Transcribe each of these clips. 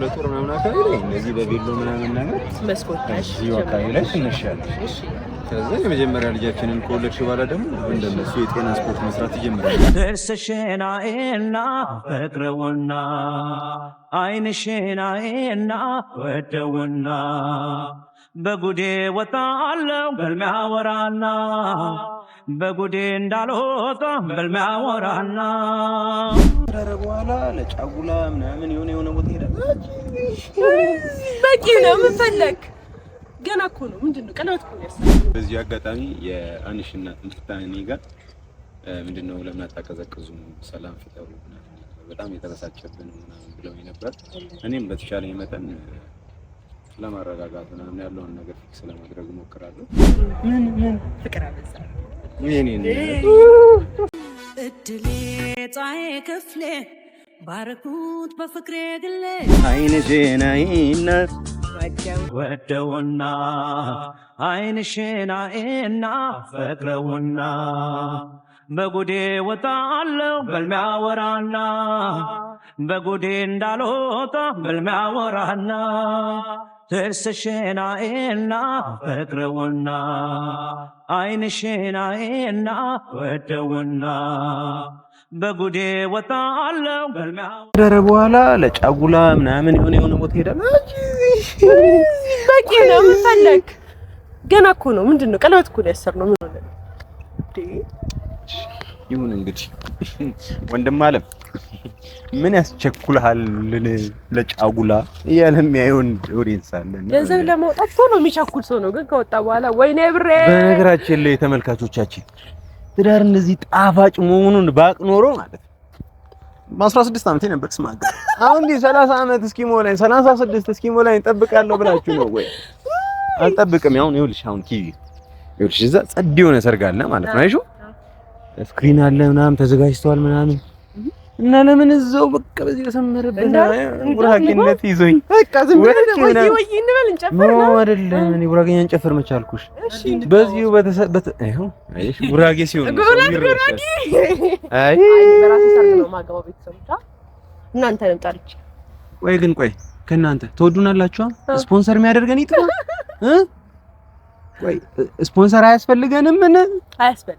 ሁለት ወር ምናምን አካባቢ ላይ እንደዚህ በቤሎ ምናምን ነገር እዚሁ አካባቢ ላይ ትንሽ ያለሽ ከዛ የመጀመሪያ ልጃችንን ከወለድሽ በኋላ ደግሞ እንደነሱ የጤና ስፖርት መስራት ይጀምራል። ጥርስሽናኤና ፈቅረውና አይንሽናኤና ወደውና በጉዴ ወጣ አለው ገልሚያ በጉዴ እንዳልወጣ በልሚያ ወራና ረረ በኋላ ለጫጉላ ምናምን የሆነ የሆነ ቦታ ሄዳል። በቂ ነው። ምን ፈለግ? ገና እኮ ነው። ምንድን ነው ቀለበት እኮ ያሳ በዚህ አጋጣሚ የአንሽና እናት ምርታኔ ጋር ምንድን ነው ለምን አታቀዘቅዙም? ሰላም ፍጠሩ፣ በጣም የተበሳጨብን ምናምን ብለው ነበር። እኔም በተሻለ መጠን ለማረጋጋት ምናምን ያለውን ነገር ፊክስ ለማድረግ እሞክራለሁ። ምን ምን ፍቅር አበዛ እድሌ ፀሐይ ክፍሌ ባረኩት በፍቅሬ ግሌ አይንሽን አይና ወደውና አይንሽን አይና ፈቅረውና በጉዴ ወጣለው በልሚያ ወራና በጉዴ እንዳልወጣ በልሚያ ወራና ጥርስሽናኤና ፈቅረውና ኤና ወደውና በጉዴ ወጣ አለው ገልሚያ በኋላ ለጫጉላ ምናምን የሆነ የሆነ ቦታ ሄዳል። በቂ ነው። ምን ፈለግ? ገና እኮ ነው። ምንድን ነው? ቀለበት እኮ ነው ያሰርነው። ምን ሆነ? ይሁን እንግዲህ ወንድም አለም ምን ያስቸኩልሃል ለጫጉላ እያለ የሚያየውን ኦዲየንስ አለ። ገንዘብ ለማውጣት ሰው ነው የሚቸኩል ሰው ነው፣ ግን ከወጣ በኋላ ወይኔ ብሬ። በነገራችን ላይ ተመልካቾቻችን ትዳር እንደዚህ ጣፋጭ መሆኑን ባቅ ኖሮ ማለት ነው በአስራ ስድስት ዓመቴ ነበር። ስማ አሁን እንዲህ ሰላሳ ዓመት እስኪሞላኝ ሰላሳ ስድስት እስኪሞላኝ እጠብቃለሁ ብላችሁ ነው ወይ? አልጠብቅም። ያው ይኸውልሽ፣ አሁን ቲቪ ይኸውልሽ፣ እዛ ጸድ የሆነ ሰርግ አለ ማለት ነው። አይሹ ስክሪን አለ ምናምን ተዘጋጅተዋል ምናምን እና ለምን እዛው በቃ በዚህ በሰመረበት ጉራጌነት ይዞኝ በቃ ዝም ብለህ ወይ ወይ እንበል እንጨፍር ነው አይደለም። እኔ ጉራጌኛ እንጨፍር መች አልኩሽ። በዚሁ አይሁ አይሽ ጉራጌ ሲሆን ጉራጌ አይ በራሴ ሰርግ ነው የማገባው። ቤተሰቦቿ እናንተ ነው ጠርቼ ግን ቆይ ከእናንተ ትወዱናላችሁ። ስፖንሰር የሚያደርገን ይጥራ እ ቆይ ስፖንሰር አያስፈልገንም ምን አያስፈልግ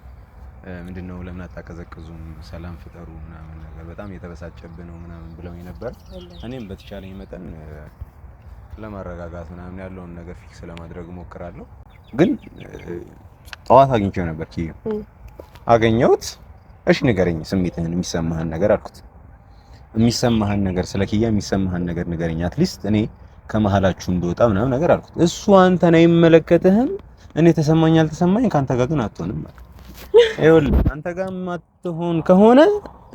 ምንድነው ለምን አታቀዘቅዙም ሰላም ፍጠሩ ምናምን ነገር በጣም የተበሳጨብ ነው ምናምን ብለው ነበር። እኔም በተቻለኝ መጠን ለማረጋጋት ምናምን ያለውን ነገር ፊክስ ለማድረግ እሞክራለሁ። ግን ጠዋት አግኝቼው ነበር ኪ አገኘሁት። እሺ ንገረኝ ስሜትህን፣ የሚሰማህን ነገር አልኩት። የሚሰማህን ነገር ስለ ኪያ የሚሰማህን ነገር ንገረኝ፣ አትሊስት እኔ ከመሀላችሁ እንደወጣ ምናምን ነገር አልኩት። እሱ አንተን አይመለከትህም። እኔ ተሰማኝ አልተሰማኝ ከአንተ ጋር ግን አትሆንም ማለት ይኸውልህ አንተ ጋር የማትሆን ከሆነ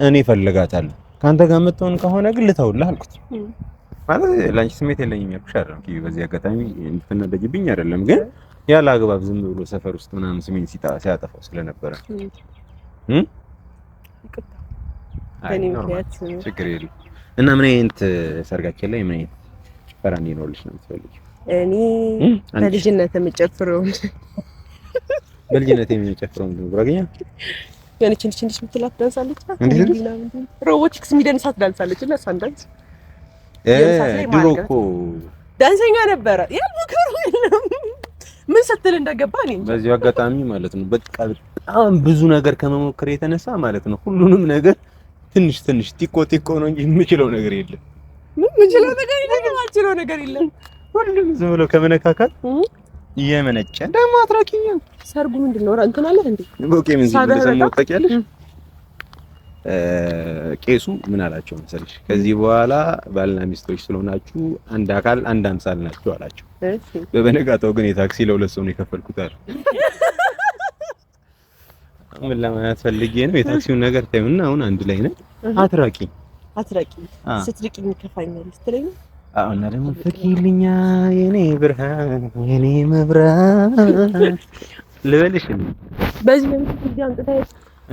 እኔ እፈልጋታለሁ። ከአንተ ጋር የምትሆን ከሆነ ግን ልተውልህ አልኩት። ማለት ለአንቺ ስሜት የለኝም ያልኩሽ አይደለም። በዚህ አጋጣሚ እንድትናደጅብኝ አይደለም፣ ግን ያለ አግባብ ዝም ብሎ ሰፈር ውስጥ ምናምን ስሜን ሲጣ ሲያጠፋው ስለነበረ ችግር የለም። እና ምን አይነት ሰርጋችን ላይ ምን አይነት ጭፈራ እንዲኖርልሽ ነው የምትፈልጊው? እኔ በልጅነት የምጨፍረውን በልጅነት የሚጨፍረው ምንድን ነው? ጉራጌኛ ያኔ ቸንች ቸንች ምትላት ዳንሳለች። ሮቦቲክስ የሚደንሳት ዳንሳለች። እና እሷን ዳንስ ድሮ እኮ ዳንሰኛ ነበረ። ያልሞከሩ የለም ምን ስትል እንደገባ እኔ እንጃ። በዚህ አጋጣሚ ማለት ነው በቃ በጣም ብዙ ነገር ከመሞከር የተነሳ ማለት ነው ሁሉንም ነገር ትንሽ ትንሽ ቲኮ ቲኮ ነው እንጂ የምችለው ነገር የለም። ምን የምችለው ነገር የለም። ሁሉም ዝም ብሎ ከመነካካት እየመነጨ ደግሞ አትራኪኛ ሰርጉ ምንድን ነው? እንትን አለ እንዴ? ኦኬ ምን ሲል ቄሱ ምን አላቸው መሰለሽ? ከዚህ በኋላ ባልና ሚስቶች ስለሆናችሁ አንድ አካል አንድ አምሳል ናችሁ አላቸው። በበነጋታው ግን የታክሲ ለሁለት ሰው ነው የከፈልኩት አለ። ምን ለማለት ፈልጌ ነው? የታክሲውን ነገር ታዩና አሁን አንድ ላይ ነን። አትራቂ አትራቂ ስትርቂኝ ይከፋኛል ነው ስትለኝ አሁን ደግሞ ፍቅርልኛ የኔ ብርሃን የኔ መብራት ልበልሽ። በዚህ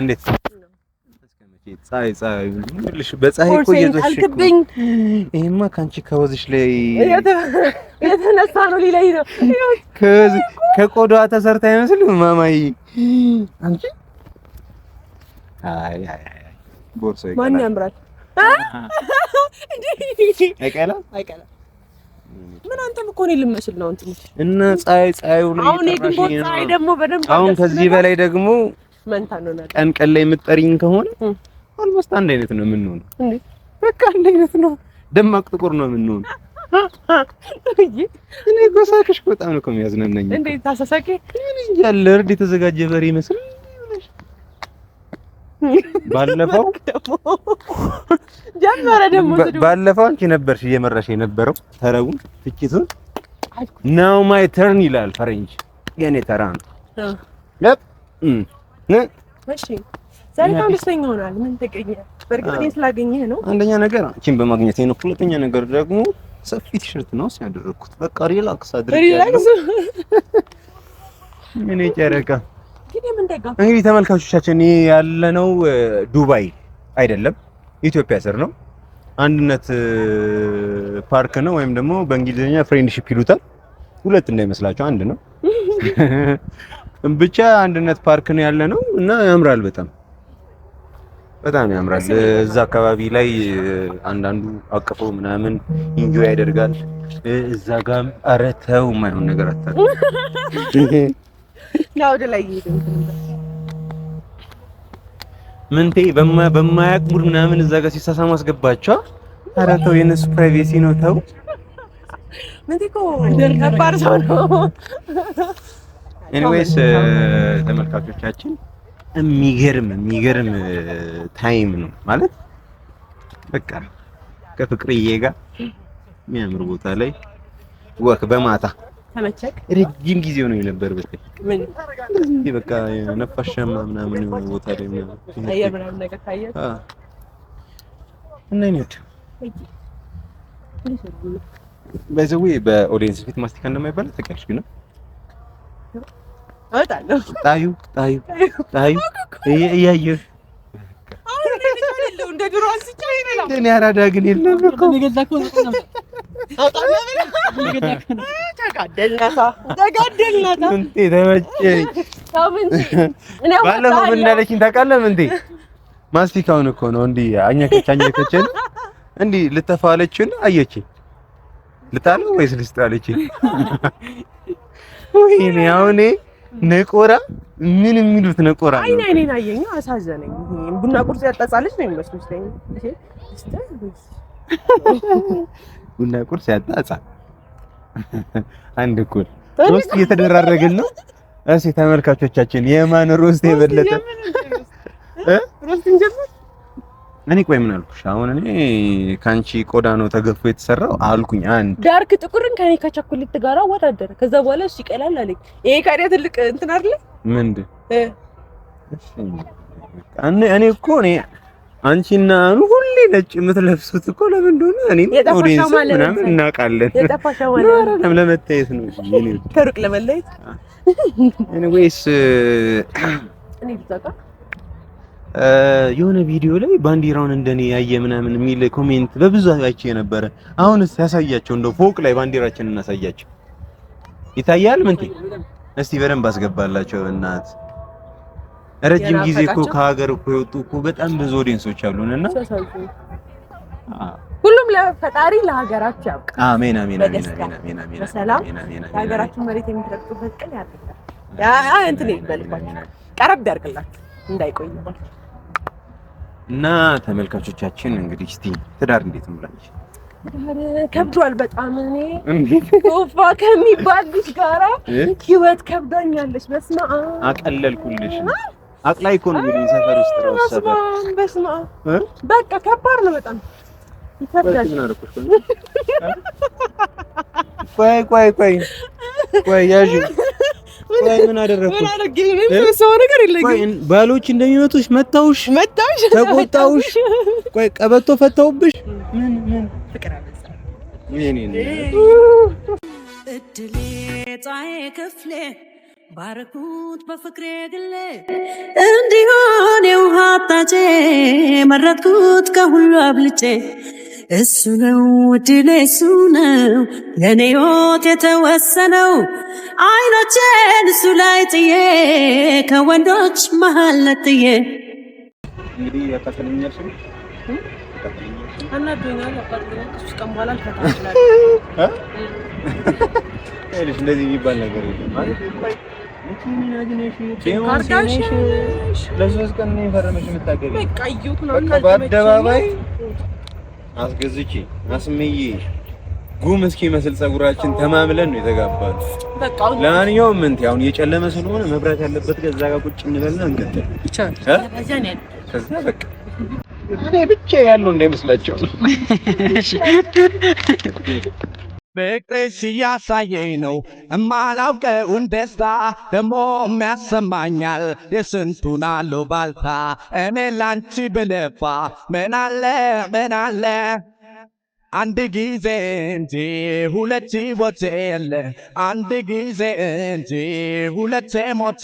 እንዴት ፀሐይ ፀሐይ ልሽ በፀሐይ እኮ እየዞሽኩኝ። ይሄማ ከአንቺ ከወዝሽ ላይ የተነሳ ነው። ሊላይ ነው ከቆዳዋ ተሰርታ አይመስልም ማማይ አንቺ አይ አይ ቦርሳዬ ማን ያምራል አይቀላም ምን አንተም እኮ እኔ ልመስል ነው እንትን እና ፀሐይ ፀሐዩ ነው። አሁን የግንቦት ፀሐይ ደግሞ በደንብ አሁን ከዚህ በላይ ደግሞ መንታ እንሆናለን። ቀን ቀን ላይ የምትጠሪኝ ከሆነ አልሞስት አንድ አይነት ነው የምንሆነው። እንዴ በቃ አንድ አይነት ነው። ደማቅ ጥቁር ነው የምንሆነው። እኔ ጎሳቅሽ በጣም ነው የሚያዝናናኝ። እንዴ ታሳሳቂ ምን እያለ እርድ የተዘጋጀ በሬ ይመስል ባለፈው ጀመረ ደግሞ ባለፈው አንቺ ነበርሽ እየመራሽ የነበረው ተረቡን ትችቱን ናው ማይ ተርን ይላል ፈረንጅ። የኔ ተራ ነው። ለብ እሺ፣ ዛሬ በጣም ደስተኛ ሆናል። ምን ተገኘ? በእርግጥ እኔ ነው። አንደኛ ነገር አንቺን በማግኘት ነው። ሁለተኛ ነገር ደግሞ ሰፊ ቲሸርት ነው ሲያደረኩት። በቃ ሪላክስ አድርጌ ሪላክስ ምን ጨረቃ እንግዲህ ተመልካቾቻችን ያለነው ዱባይ አይደለም ኢትዮጵያ ስር ነው። አንድነት ፓርክ ነው፣ ወይም ደግሞ በእንግሊዝኛ ፍሬንድሺፕ ይሉታል። ሁለት እንዳይመስላችሁ አንድ ነው። ብቻ አንድነት ፓርክ ነው ያለ ነው እና ያምራል በጣም በጣም ያምራል። እዛ አካባቢ ላይ አንዳንዱ አቅፎ ምናምን ኢንጆይ ያደርጋል። እዛ ጋም አረተው የማይሆን ነገር አታል ነው ወደ ላይ ምንቴ በማያውቅ ምናምን እዛ ጋር ሲሳሳሙ አስገባቸው። ኧረ ተው፣ የእነሱ ፕራይቬሲ ነው። ተው ምንቴ እኮ ከባድ ሰው ነው። ኤኒዌይስ ተመልካቾቻችን የሚገርም የሚገርም ታይም ነው ማለት በቃ ከፍቅርዬ ጋር የሚያምር ቦታ ላይ ወክ በማታ ተመቸክ? ረጅም ጊዜ ሆኖ የነበር በቃ ምን በቃ ነፋሻማ ምናምን የሆነ ቦታ ላይ ምናምን ምናምን ነገር ታየ። እና እኔ በኦዲየንስ ፊት ማስቲካ እንደማይባል ተቀልሽ ግን ጣዩ ጣዩ ጣዩ እያየሁ እንደ ድሮ አንስቼ ይበላል። እኔ አራዳ ግን የለም እኮ ባለፈው ምን እንዳለችኝ ታውቃለህ? ምንቴ ማስቲካውን እኮ ነው እንዲህ አኘከች አኘከችን፣ እንዲህ ልተፋለችን፣ አየችኝ። ልጣለው ወይስ ልስጣለችኝ? ወይኔ አሁን ነቆራ ምን የሚሉት ነቆራ ነው። አይኔ አየኝ፣ አሳዘነኝ። ቡና ቁርስ ያጣጻለች ነው የሚመስለው ቡና ቁርስ ያጣ ህፃን አንድ እኩል ሮስት እየተደራረግን ነው። እሺ ተመልካቾቻችን፣ የማን ሮስት የበለጠ እኔ ቆይ ምን አልኩሽ? አሁን እኔ ከአንቺ ቆዳ ነው ተገፎ የተሰራው አልኩኝ። አንድ ዳርክ ጥቁርን ከኔ ከቸኮሌት ጋር አወዳደረ። ከዛ በኋላ እሺ ይቀላል አለኝ። ይሄ ካዲያ ትልቅ እንትን አይደለ ምንድን እኔ እኮ እኔ አንቺና አኑ ሁሌ ነጭ የምትለብሱት እኮ ለምን እንደሆነ እኔም ኦዲየንስ ምናምን እናውቃለን። ለመታየት ነው እኔ ከሩቅ ለመለየት። ኤኒዌይስ የሆነ ቪዲዮ ላይ ባንዲራውን እንደኔ ያየ ምናምን የሚል ኮሜንት በብዛት አይቼ ነበረ። አሁንስ ያሳያቸው እንደው ፎቅ ላይ ባንዲራችንን እናሳያቸው ይታያል። ምንቴ እስቲ በደንብ አስገባላቸው እናት ረጅም ጊዜ እኮ ከሀገር እኮ የወጡ እኮ በጣም ብዙ ኦዲየንሶች አሉን እና ሁሉም ለፈጣሪ ለሀገራችሁ ያብቃ። አሜን አሜን አሜን አሜን አሜን አሜን። በሰላም የሀገራችሁን መሬት የምትረግጡበት ቀን ያድርግልን። ያ እንትን ይበልባችሁ ቀረብ ያድርግላችሁ እንዳይቆይባችሁ። እና ተመልካቾቻችን እንግዲህ እስቲ ትዳር እንዴት እንብላችሁ? ከብዷል በጣም እኔ ኦፋ ከሚባል ልጅ ጋራ ህይወት ከብዳኛለች። በስመ አብ አቀለልኩልሽ። አቅላይ እኮ ነው እንግዲህ ሰፈር ውስጥ ነው ሰፈር። በስመ አብ በቃ ከባድ ነው በጣም ይከብዳል። ቆይ ቆይ ቆይ ቆይ ያዥ ቆይ ምን አደረኩ? ምን ነገር አደረኩሽ? ባሎች እንደሚመጡሽ መታውሽ መታውሽ ተቆጣውሽ። ቆይ ቀበቶ ፈታውብሽ ምን ምን ፍቅር አለ እኔ እኔ እድሌ ፀሐይ ክፍሌ ባረኩት በፍቅሬ ግሌ እንዲሆን የውሃ አጣጬ መረጥኩት ከሁሉ አብልጬ እሱ ነው እድሌ እሱ ነው ለእኔ ሕይወት የተወሰነው አይኖቼን እሱ ላይ ጥዬ ከወንዶች መሃል ነጥዬ እንግዲህ እንደዚህ የሚባል ነገር ለሶስት በአደባባይ አስገዝቼ አስመዬ ጉም እስኪመስል ፀጉራችን ተማምለን ነው የተጋባሉ። ለማንኛውም ምን አሁን የጨለመ ስለሆነ መብራት ያለበት ከዛ ጋር ቁጭ እንበልና እንቀጥል እኔ ብቻ ያለው እንዳይመስላቸው ፍቅርሽ እያሳየኝ ነው እማላውቀውን ደስታ ደሞ ያሰማኛል የስንቱን አሉባልታ እኔ ላንቺ ብለፋ ምናለ ምናለ አንድ ጊዜ እንጂ ሁለቴ ሞት አንድ ጊዜ እንጂ ሁለቴ ሞት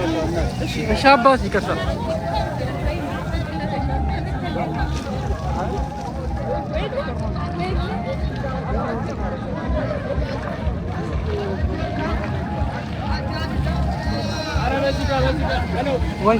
شابة يكسر وي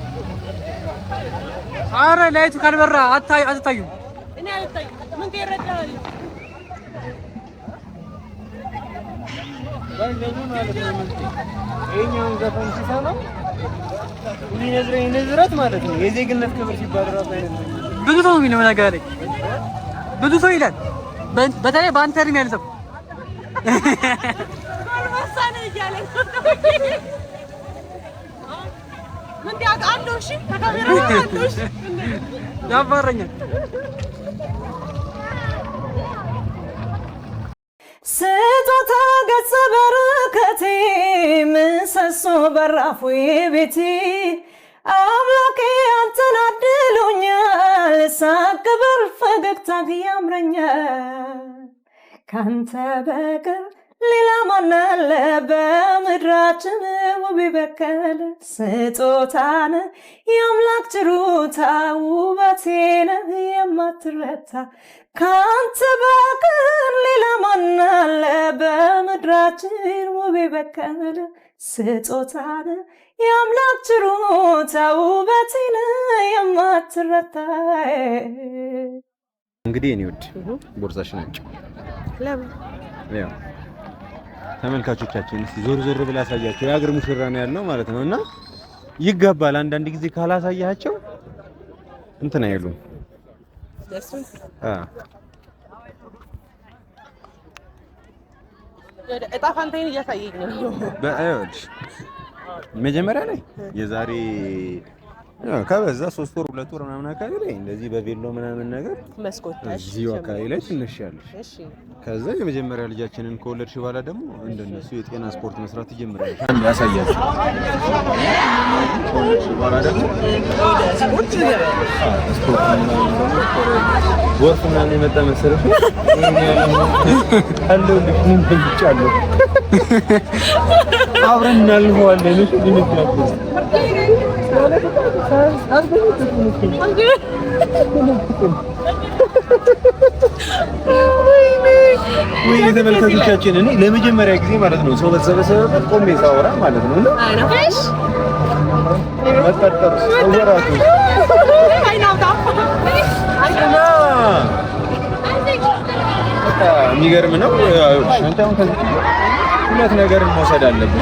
አረ ላይቱ ካልበራ አታይ አትታዩ። እኔ አልታይም። ምን ከረዳኝ ይኸኛውን ዘፈን ሲሰማው የሚነዝረኝ ንዝረት ማለት ነው። የዜግነት ክብር ሲባል ራሱ አይነት ብዙ ሰው የሚለው ነገር ብዙ ሰው ይላል። በተለይ በአንተ እድሜ ያለ ሰው ያባረኛል። ስጦታ ገጸ በረከቴ ምሰሶ በራፉ ቤቴ አምላኬ አንተን አድሎኛል። ሳቅ በር ፈገግታ ያምረኛል ካንተ በቀር ሌላ ማናለ በምድራችን ውብ በቀለ ስጦታነ የአምላክ ችሮታ ውበቴነ የማትረታ ካንተ በቀር ሌላ ማናለ በምድራችን ውብ በቀለ ስጦታነ የአምላክ ችሮታ ውበቴነ የማትረታ እንግዲህ እኔ ውድ ቦርሳሽን አንጭ ለምን ተመልካቾቻችን እስቲ ዞር ዞር ብላ አሳያቸው። የአገር ሙሽራ ነው ያለው ማለት ነው። እና ይገባል። አንዳንድ ጊዜ ካላሳያቸው እንትን አይሉም። እጣ ፋንታዬን እያሳየኝ ነው መጀመሪያ ላይ የዛሬ ከበዛ ሶስት ወር ሁለት ወር ምናምን አካባቢ ላይ እንደዚህ በቬሎ ምናምን ነገር መስኮታሽ እዚሁ አካባቢ ላይ ትነሻለሽ። እሺ። ከዛ የመጀመሪያ ልጃችንን ከወለድሽ በኋላ ደግሞ እንደነሱ የጤና ስፖርት መስራት ትጀምራለሽ። አንድ ያሳያችሁ ወርፍ ምናምን የመጣ መሰረት አለው አብረን እናልፈዋለን። ወይ ተመልካቾቻችን፣ እኔ ለመጀመሪያ ጊዜ ማለት ነው ሰው በተሰበሰበበት ቆሜ ሳወራ ማለት ነው የሚገርም ነው። ሁለት ነገርን መውሰድ አለብን።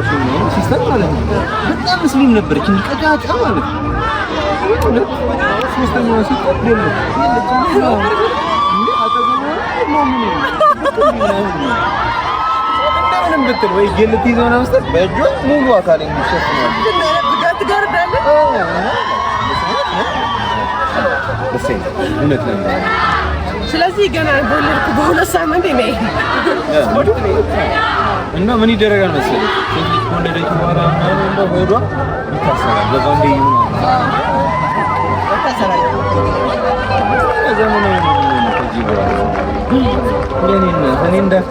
ራሱ ሲስተር ማለት ነው። በጣም ምስሊም ነበረች እንቀጫጫ ማለት ነው። ብትል ወይ ጌልት ይዘው ነው መስጠት በእጇ ሙሉ አካል የሚሸፍነው እውነት ነው። ስለዚህ ገና በወለድኩ በሁለት ሳምንት ነው እና ምን ይደረጋል መሰለኝ ከወለደች በኋላ ሆዷ ይታሰራል። በዛ እንደ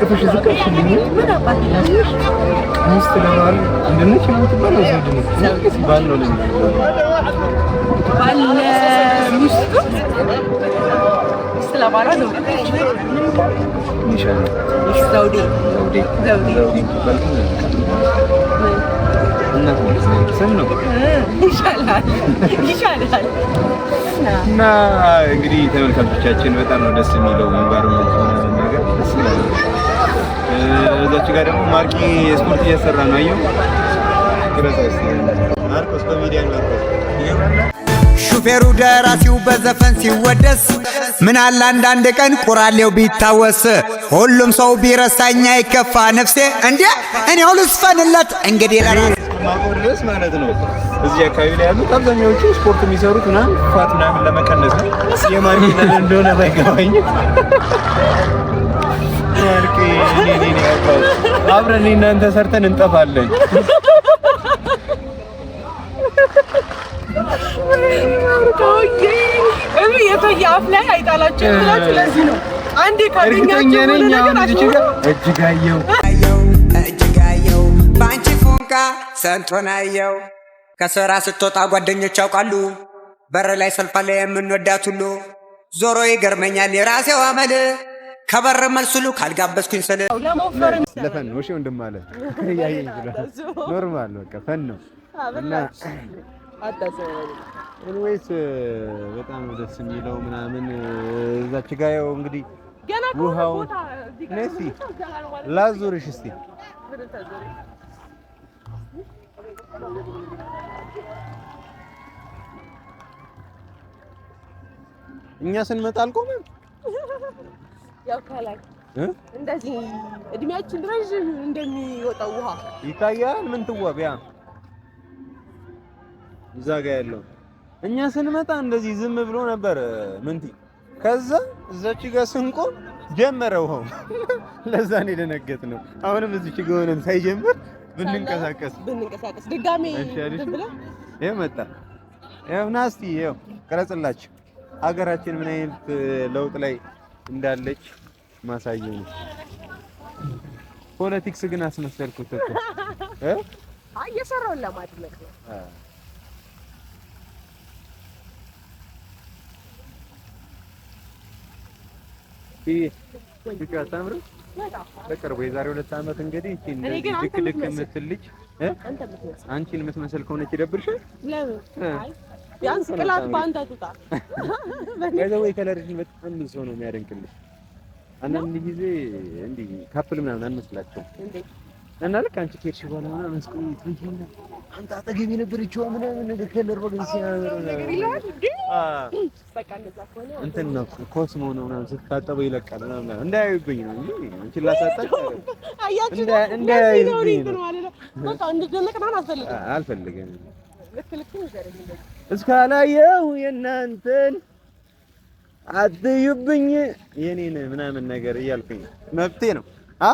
ለማለት ነው። ዘውዴ እና እንግዲህ ተመልካቾቻችን በጣም ነው ደስ የሚለው ኢንቫይሮመንት ነገር ደስ ጋር ደግሞ ማርቂ ስፖርት እያሰራ ነው። አየሁ ማርቆስ በሚዲያ ሹፌሩ ደራሲው በዘፈን ሲወደስ ምን ምናለ አንዳንድ ቀን ቁራሌው ቢታወስ ሁሉም ሰው ቢረሳኛ ይከፋ ነፍሴ እንዴ እኔ ሁሉ ስፈንለት እንግዲህ ለራስ ድረስ ማለት ነው። እዚህ አካባቢ ላይ ያሉት አብዛኛዎቹ ስፖርት የሚሰሩት ምናምን ፋት ምናምን ለመቀነስ ነው። የማርኬ እንደሆነ ባይገባኝ ማርኬ አብረን እናንተ ሰርተን እንጠፋለን። ሰውዬ አፍ ላይ አይጣላችሁ ብላችሁ ለዚህ ነው አንዴ ካገኛችሁ ሰንቶናየው ከስራ ስትወጣ ጓደኞች ያውቃሉ በር ላይ ሰልፋ ላይ የምንወዳት ሁሉ ዞሮ ይገርመኛል የራሴው አመል ከበር መልስ ሁሉ ካልጋበዝኩኝ ስል ለፈን ነው እሺ ወንድም አለ ኖርማል በቃ ፈን ነው እና ኤንዌይስ uh, በጣም ደስ የሚለው ምናምን uh, እዛች ጋ ያው እንግዲህ ውሃውን ነሲ ላዙርሽ እስቲ እኛ ስንመጣ አልቆመም። ያው ከላይ እንደዚህ እድሜያችን ረዥም እንደሚወጣው ውሃ ይታያል። ምን ትዋቢያ እዛ ጋ ያለው እኛ ስንመጣ እንደዚህ ዝም ብሎ ነበር ምንቲ። ከዛ እዛች ጋ ስንቆም ጀመረው። ውሃው ለዛ ነው ነው። አሁንም እዚች ጋ ሆነን ሳይጀምር ብንንቀሳቀስ ብንንቀሳቀስ ድጋሜ ይኸው መጣ። ይኸው ናስቲ ይኸው ቅረጽላችሁ አገራችን ምን አይነት ለውጥ ላይ እንዳለች ማሳየው ነው። ፖለቲክስ ግን አስመሰልኩት እኮ እ እየሰራውን ለማድመቅ ነው ልጅ አታምርም? በቅርቡ የዛሬ ሁለት ዓመት እንግዲህ እቺ እንደዚህ ልክ ልክ የምትል ልጅ አንቺን የምትመስል ከሆነች ይደብርሻል። ቢያንስ ቅላት በአንተ ትውጣ። ወይ ከለርሽን በጣም ብዙ ሰው ነው የሚያደንቅልሽ። አንዳንድ ጊዜ እንዲህ ካፕል ምናምን አንመስላቸውም። እና ልክ አንቺ ከሄድሽ በኋላ ምናምን አንተ አጠገብ የነበረችው ምናምን ነገር ከለር እንትን ነው ኮስሞ ነው ምናምን ስትታጠበው ይለቃል ምናምን እንዳያዩብኝ ነው እንጂ አንቺን ላሳጣሽ እንዳያዩብኝ ነው። አልፈልግም እስካላየሁ የእናንተን አትዩብኝ የኔን ምናምን ነገር እያልኩኝ መብቴ ነው አ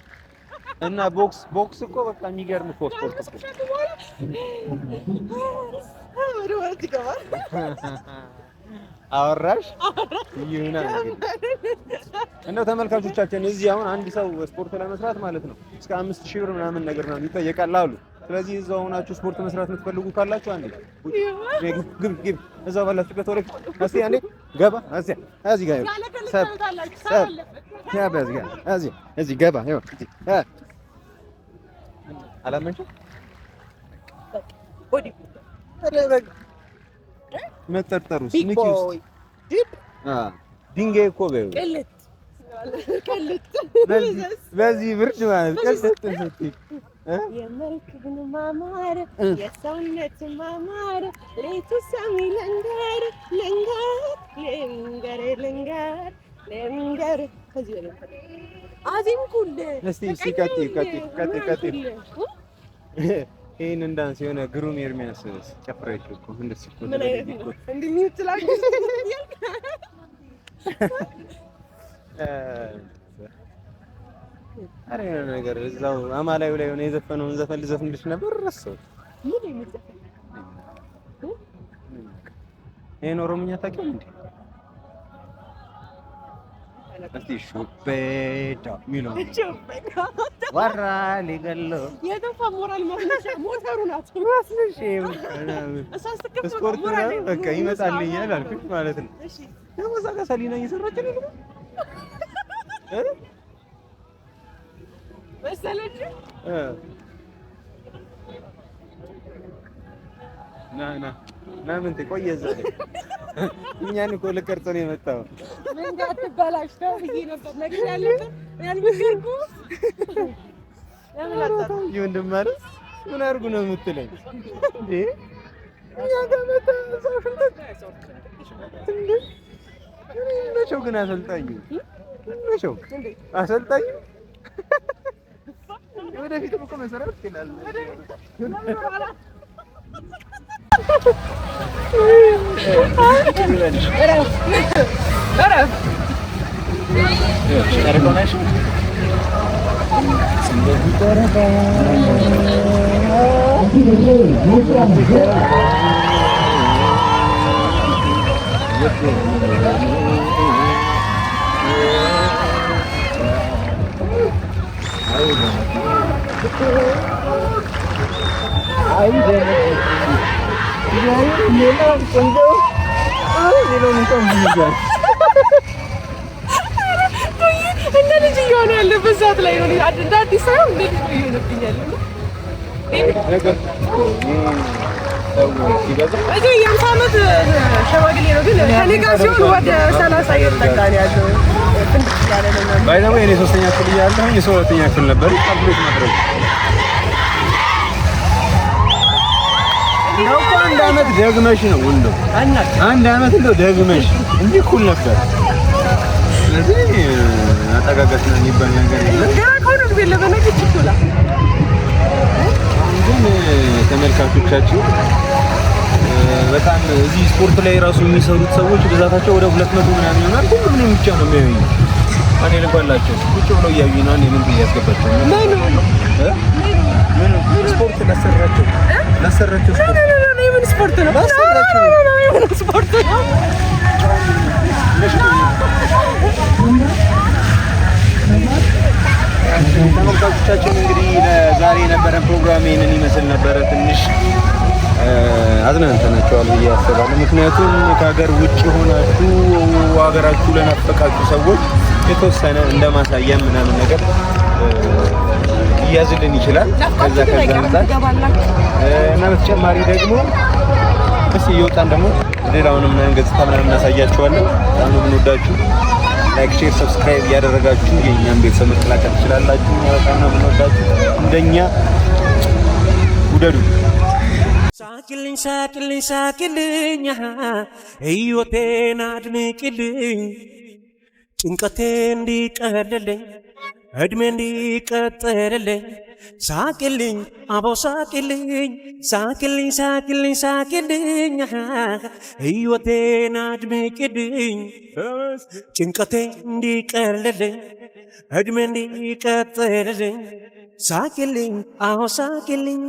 እና ቦክስ ቦክስ እኮ በቃ የሚገርም እኮ ስፖርት እኮ አወራሽ ይሁና እንደው ተመልካቾቻችን እዚህ አሁን አንድ ሰው ስፖርት ለመስራት ማለት ነው እስከ አምስት ሺህ ብር ምናምን ነገር ነው ይጠየቃል አሉ። ስለዚህ እዛው ሆናችሁ ስፖርት መስራት የምትፈልጉ ካላችሁ አንዴ ግብ ግብ እዛው ባላችሁበት ወሬ እስኪ አንዴ ገባ እዚህ ጋር ሰብ ሰብ يا بازي ازي ازي جابها يلا ها على ماشي بودي መጠርጠሩ ስንኪ ውስጥ ድንጋይ እኮ በይው በዚህ ብርድ ማለት ቀልጥ ስትይ የመልክህን ማማር የሰውነት ማማር ሌቱ ሰሚ ለንገር ለንገር ለንገር ለንገር ለንገር ከዚህ በላይ አዚም ኩል እስቲ እስቲ ቀጥ ቀጥ ቀጥ ቀጥ የሆነ ግሩም ኤርሚያስ እኮ እኮ የሆነ ነገር እዛው አማላዩ ላይ የሆነ የዘፈነውን ዘፈን ልዘፍንልሽ ነበር ረሳሁት። ይሄን ኦሮምኛ ታውቂው እንዴ? እስቲ ሾቤዳ የሚለው ወራል ይገለው የደፋ ሞራል ማግኘት ሞተሩ ናት። ራስሽ ስፖርት በቃ ይመጣልኛል አልኩሽ ማለት ነው። ደግሞ እዛ ጋር ሰሊና እየሰራች ነው መሰለች ና ምን ቆየ ዘለ እኛን እኮ ልቀርጽ ነው የመጣው። ምን ጋር ትባላሽ ነው ብዬ ነበር ነገር ያለብን ምን አድርጉ ነው የምትለኝ እኛ ጋር መጣ ግን አሰልጣኙ መቼው አሰልጣኝ ወደፊት እኮ መሰራት ይችላል። Era. Era. Era con eso. Aí, gente. እንደ ልጅ እየሆነ ያለበት ሰዓት ላይ ሆ እንደ አዲስ ሳይሆን እንደ ልጅ እየሆነብኛል። እዚህ የአምሳ ዓመት ሸማግሌ ነው፣ ግን ከእኔ ጋር ሲሆን ወደ ሰላሳ እየተጠጋ ነው ያለው። ባይ ደግሞ የእኔ ሶስተኛ ክፍል እያለሁ የሰው ሁለተኛ ክፍል ነበር። እኮ አንድ አመት ደግመሽ ነው እንደው አንድ አመት እንደው ደግመሽ እንጂ እኩል ነበር። ስለዚህ አጠጋጋት ነው የሚባል ነገር የለም። ግን ተመልካቾቻችን በጣም እዚህ ስፖርት ላይ ራሱ የሚሰሩት ሰዎች ብዛታቸው ወደ ሁለት መቶ ምናምን ይሆናል። ሁሉም እኔን ብቻ ነው የሚያዩኝ። እኔ ልባላቸው ቁጭ ብለው እያዩኝ ነው። እኔ ምን ብዬ አስገባቸው? ስፖርት ላሰራቸው ላሰራቸው ስፖርት ነው። የምን ስፖርት ነው? ላሰራቸው የምን ስፖርት ነው? ተመልካቾቻችን እንግዲህ ለዛሬ የነበረን ፕሮግራም ይህንን ይመስል ነበረ። ትንሽ አዝናንተናቸዋል ብዬ አስባለሁ። ምክንያቱም ከሀገር ውጭ ሆናችሁ ሀገራችሁ ለናፈቃችሁ ሰዎች የተወሰነ እንደማሳያ ምናምን ነገር ሊያዝልን ይችላል። ከዛ ከዛ አንጻር እና በተጨማሪ ደግሞ እስኪ እየወጣን ደግሞ ሌላውንም ገጽታ ምናምን እናሳያችኋለን። በጣም ነው የምንወዳችሁ። ላይክ፣ ሼር፣ ሰብስክራይብ እያደረጋችሁ የእኛም ቤተሰብ መቀላቀል ትችላላችሁ። በጣም ነው የምንወዳችሁ። እንደኛ ውደዱ። ሳቅልኝ ሳቅልኝ ሳቅልኝ ሕይወቴን አድንቅልኝ ጭንቀቴ እንዲቀለለኝ እድሜ እንዲቀጥልልኝ ሳቅልኝ አቦ ሳቅልኝ ሳቅልኝ ሳቅልኝ ሳቅልኝ ህይወቴን አድምቅልኝ ጭንቀቴ እንዲቀልልኝ እድሜ እንዲቀጥልልኝ ሳቅልኝ አቦ ሳቅልኝ